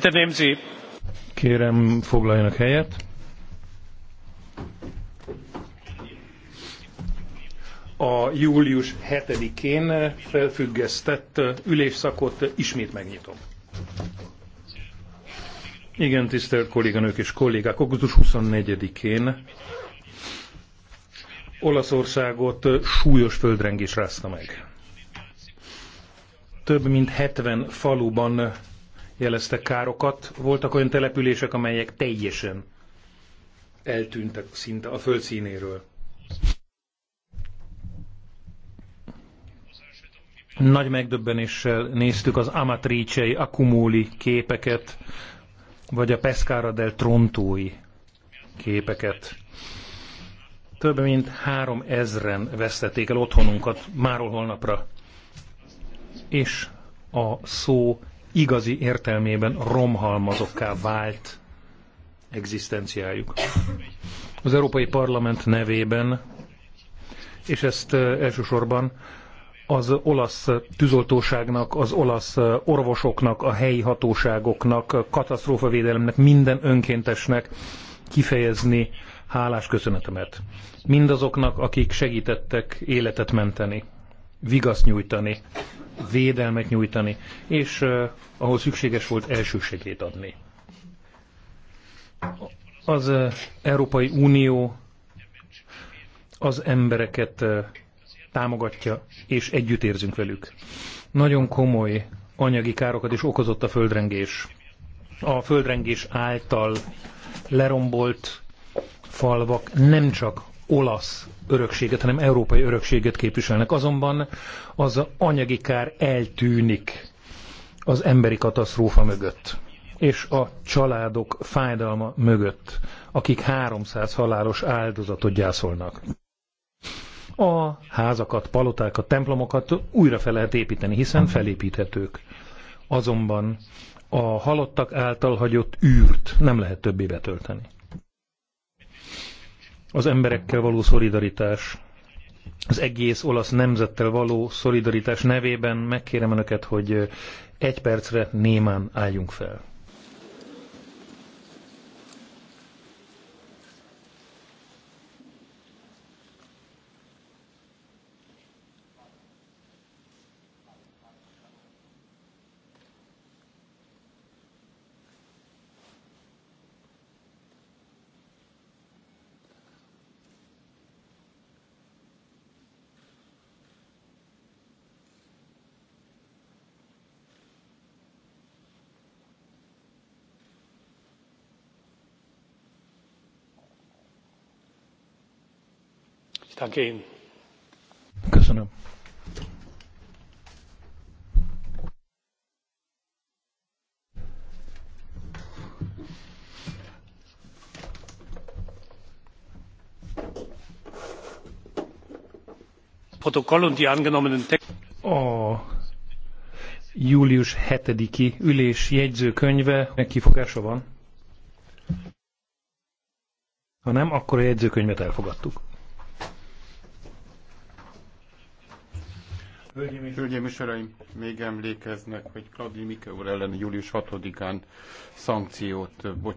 nehmen Sie. Kérem, foglaljanak helyet. A július 7-én felfüggesztett ülésszakot ismét megnyitom. Igen, tisztelt kolléganők és kollégák, augusztus 24-én Olaszországot súlyos földrengés rázta meg. Több mint 70 faluban jeleztek károkat. Voltak olyan települések, amelyek teljesen eltűntek szinte a földszínéről. Nagy megdöbbenéssel néztük az amatricei, akumóli képeket, vagy a Pescara del Trontói képeket. Több mint három ezren vesztették el otthonunkat máról holnapra. És a szó igazi értelmében romhalmazokká vált egzisztenciájuk. Az Európai Parlament nevében, és ezt elsősorban az olasz tűzoltóságnak, az olasz orvosoknak, a helyi hatóságoknak, katasztrófavédelemnek, minden önkéntesnek kifejezni hálás köszönetemet. Mindazoknak, akik segítettek életet menteni vigaszt nyújtani, védelmet nyújtani, és ahol szükséges volt elsősegét adni. Az Európai Unió az embereket támogatja, és együtt érzünk velük. Nagyon komoly anyagi károkat is okozott a földrengés. A földrengés által lerombolt falvak nem csak olasz örökséget, hanem európai örökséget képviselnek. Azonban az anyagi kár eltűnik az emberi katasztrófa mögött és a családok fájdalma mögött, akik 300 halálos áldozatot gyászolnak. A házakat, palotákat, templomokat újra fel lehet építeni, hiszen felépíthetők. Azonban a halottak által hagyott űrt nem lehet többé betölteni az emberekkel való szolidaritás, az egész olasz nemzettel való szolidaritás nevében megkérem Önöket, hogy egy percre némán álljunk fel. Ich danke Ihnen. Köszönöm. Protokoll und die angenommenen A július 7-i ülés jegyzőkönyve megkifogása van? Ha nem, akkor a jegyzőkönyvet elfogadtuk. Hölgyeim és Uraim, még emlékeznek, hogy Claudi Mike úr ellen július 6-án szankciót bocsánat.